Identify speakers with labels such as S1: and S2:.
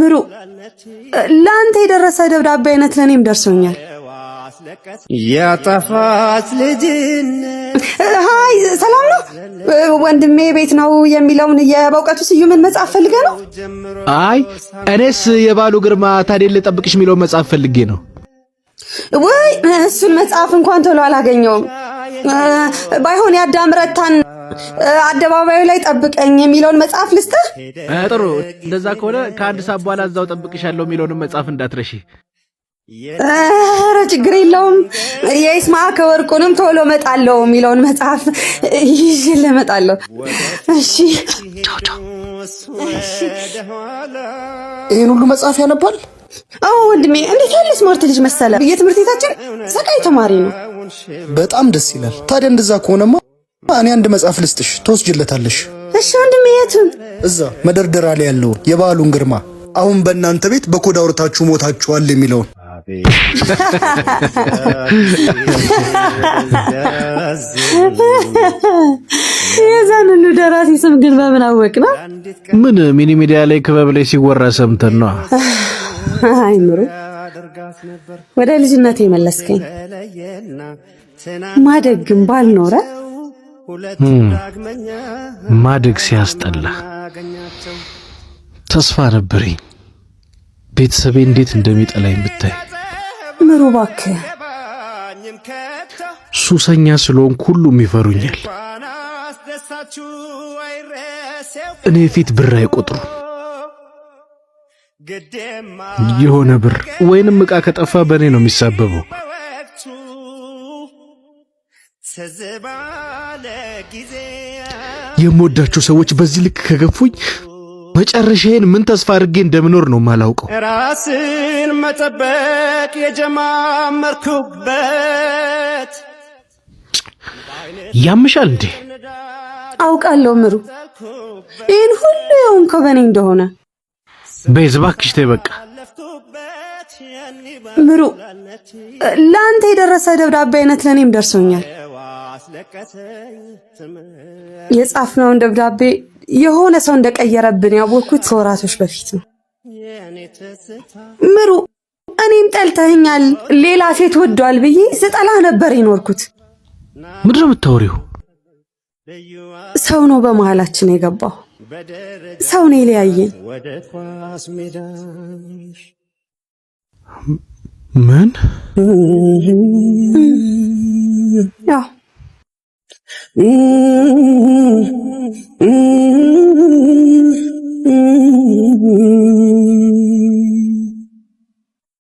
S1: ምሩ ለአንተ የደረሰ ደብዳቤ አይነት ለእኔም ደርሶኛል።
S2: ያጠፋት ልጅነት
S1: ሀይ፣ ሰላም ነው ወንድሜ፣ ቤት ነው የሚለውን የበውቀቱ ስዩምን መጽሐፍ ፈልገ ነው?
S3: አይ እኔስ የባሉ ግርማ ታዴን ልጠብቅሽ የሚለውን መጽሐፍ ፈልጌ ነው።
S1: ወይ እሱን መጽሐፍ እንኳን ቶሎ አላገኘውም። ባይሆን ያዳምረታን አደባባዩ ላይ ጠብቀኝ የሚለውን መጽሐፍ ልስጥህ።
S3: ጥሩ፣ እንደዛ ከሆነ ከአንድ ሰዓት በኋላ እዛው ጠብቅሻለሁ የሚለውንም መጽሐፍ እንዳትረሺ።
S1: ኧረ ችግር የለውም። የይስማ ከወርቁንም ቶሎ እመጣለሁ የሚለውን መጽሐፍ ይዤልህ እመጣለሁ። እሺ።
S4: ይህን ሁሉ መጽሐፍ ያነባል?
S1: አዎ ወንድሜ፣ እንዴት ያለ ስማርት ልጅ መሰለ። የትምህርት ቤታችን ሰቃይ ተማሪ ነው።
S3: በጣም ደስ ይላል። ታዲያ እንደዛ ከሆነማ እኔ አንድ መጽሐፍ ልስጥሽ፣ ትወስጅለታለሽ።
S1: እሺ ወንድሜ፣ የቱን?
S3: እዛ መደርደሪያ ላይ ያለውን የበዓሉን ግርማ አሁን በእናንተ ቤት በኮድ አውርታችሁ ሞታችኋል የሚለውን
S1: የዛን ሁሉ ደራሲ ስም ግን በምን አወቅ ነው?
S3: ምን ሚኒ ሚዲያ ላይ ክበብ ላይ ሲወራ ሰምተን ነው።
S1: አይምሮ ወደ ልጅነት የመለስከኝ ማደግም ባልኖረ
S3: ማደግ ሲያስጠላ ተስፋ ነበረኝ። ቤተሰቤ እንዴት እንደሚጠላኝ ብታይ።
S1: ምሩ እባክህ፣
S3: ሱሰኛ ስለሆንኩ ሁሉም ይፈሩኛል። እኔ ፊት ብር አይቆጥሩ የሆነ ብር ወይንም ዕቃ ከጠፋ በእኔ ነው የሚሳበበው። የምወዳቸው ሰዎች በዚህ ልክ ከገፉኝ መጨረሻዬን ምን ተስፋ አድርጌ እንደምኖር ነው ማላውቀው። ራስን መጠበቅ የጀማመርኩበት ያምሻል እንዴ?
S1: አውቃለሁ ምሩ፣ ይህን ሁሉ የሆንከው በእኔ እንደሆነ።
S3: በይ እባክሽ ተይ በቃ።
S1: ምሩ ለአንተ የደረሰ ደብዳቤ አይነት ለእኔም ደርሶኛል። የጻፍነውን ደብዳቤ የሆነ ሰው እንደቀየረብን ያወቅኩት ከወራቶች በፊት ነው። ምሩ እኔም ጠልተኸኛል፣ ሌላ ሴት ወዷል ብዬ ስጠላህ ነበር የኖርኩት።
S3: ምድር የምታወሪው
S1: ሰው ነው በመሃላችን የገባው ሰው ነው ሊያየኝ ምን? ያው